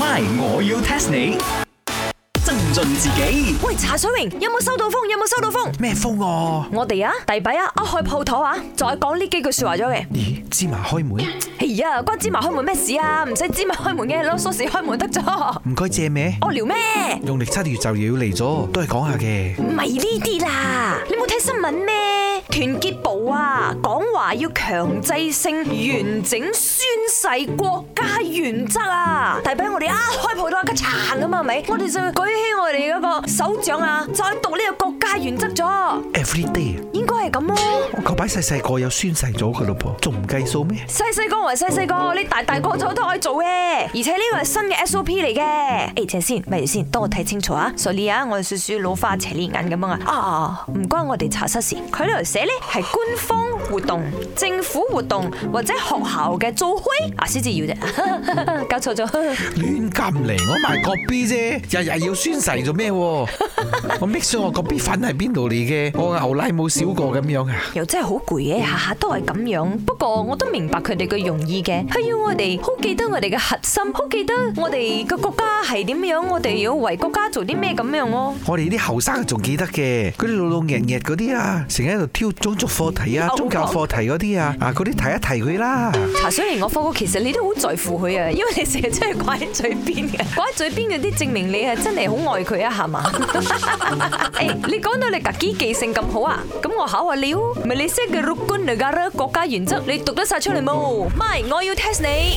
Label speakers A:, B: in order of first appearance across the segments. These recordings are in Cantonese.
A: MY，我要 test 你，增進自己。喂，茶水榮，有冇收到風？有冇收到風？咩風？我哋啊，大擺啊，阿開鋪頭啊，再講呢幾句說話咗嘅。咦，芝麻開門。係啊，關芝麻開門咩事啊？唔使芝麻開門嘅，攞鎖匙開門得咗。唔該借咩？我聊咩？農曆七月就要嚟咗，都係講下嘅。唔係呢啲啦，你冇睇新聞咩？團結部啊，講。要強制性完整宣誓國家原則啊,啊,啊！大係俾我哋一開鋪都阿吉殘噶嘛，係咪？我哋就舉起我哋嗰個手掌啊，再讀呢個國家原則咗、啊啊。Every day，應該係咁咯。我舊排細細個有宣誓咗佢老婆仲唔計數咩？細細個同埋細細個，你大大個咗都可以做嘅。而且呢個係新嘅 S O P 嚟嘅、哎。誒，靜先，咪先，等,等,等我睇清楚啊！Sonia，、啊、我哋少少老花斜呢眼咁啊！啊，唔關我哋查失事。佢呢度寫咧係官方活動。政府活動或者學校嘅早會啊，先至要啫，搞錯咗。亂咁嚟，我賣個 B 啫，日日要宣誓做咩？我搵出我個 B 粉係邊度嚟嘅？我牛奶冇少過咁樣啊！又真係好攰嘅，下下都係咁樣。不過我都明白佢哋嘅用意嘅，係要我哋好記得我哋嘅核心，好記得我哋嘅國家係點樣，我哋要為國家做啲咩咁樣咯。我哋啲後生仲記得嘅，嗰啲老老弱弱嗰啲啊，成日喺度挑種族課題啊，宗教課題。嗰啲啊，啊嗰啲提一提佢啦。查水嚟，我發覺其實你都好在乎佢啊，因為你成日真係掛喺嘴邊嘅，掛喺嘴邊嗰啲證明你係真係好愛佢啊，係嘛？ hey, 你講到你格己記性咁好啊，咁我考下你，咪你識嘅 Rukun Negara 咯，國家原則你讀得晒出嚟冇？唔、嗯、係，我要 test 你。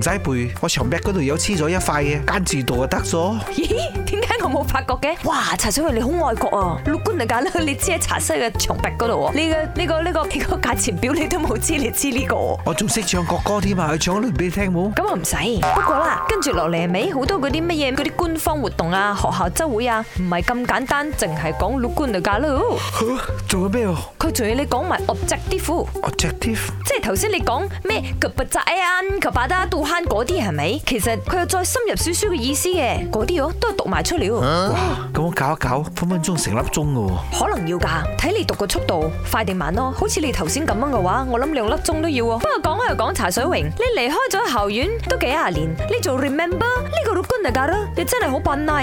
A: 唔使背，我牆壁嗰度有黐咗一塊嘅簡字度啊，得咗。咦？點解我冇發覺嘅？哇！茶水妹你好愛國啊！Rukun Negara 啦，你黐喺茶室嘅牆壁嗰度喎。你呢、呢個呢、呢個呢、呢個價錢表你都冇黐，你黐呢、呢個。我仲識唱國歌添啊，佢唱一輪俾你聽冇？咁我唔使。不過啦，跟住落嚟尾好多嗰啲乜嘢嗰啲官方活動啊、學校周會啊，唔係咁簡單，淨係講 Rukun Negara 咯。嚇、啊？仲有咩？佢仲要你講埋 objective。objective 即。即係頭先你講咩？佢不濟啊！佢把得慳嗰啲係咪？其實佢又再深入少少嘅意思嘅嗰啲哦，都係讀埋出了。哇！咁我搞一搞，分分鐘成粒鐘噶。可能要噶，睇你讀個速度快定慢咯。好似你頭先咁樣嘅話，我諗兩粒鐘都要。不過講開又講茶水榮，你離開咗校園都幾廿年，你做 remember 呢個 Rukun Negara 噶啦，你真係好笨啦。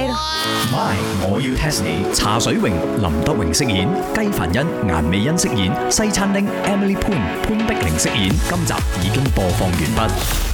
A: My，我要 test 你。茶水榮，林德榮飾演；，雞凡欣、顏美欣飾演；，西餐廳 Emily 潘潘碧玲飾演。今集已經播放完畢。